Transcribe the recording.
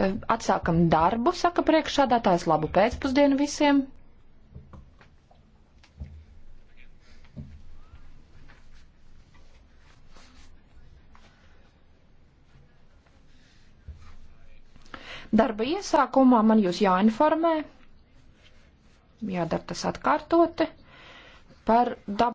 Eh, atsākam darbu, saka priekšādātājs, labu pēcpusdienu visiem. Darba iesākumā man jūs jāinformē, jādara tas atkārtoti, par dabu.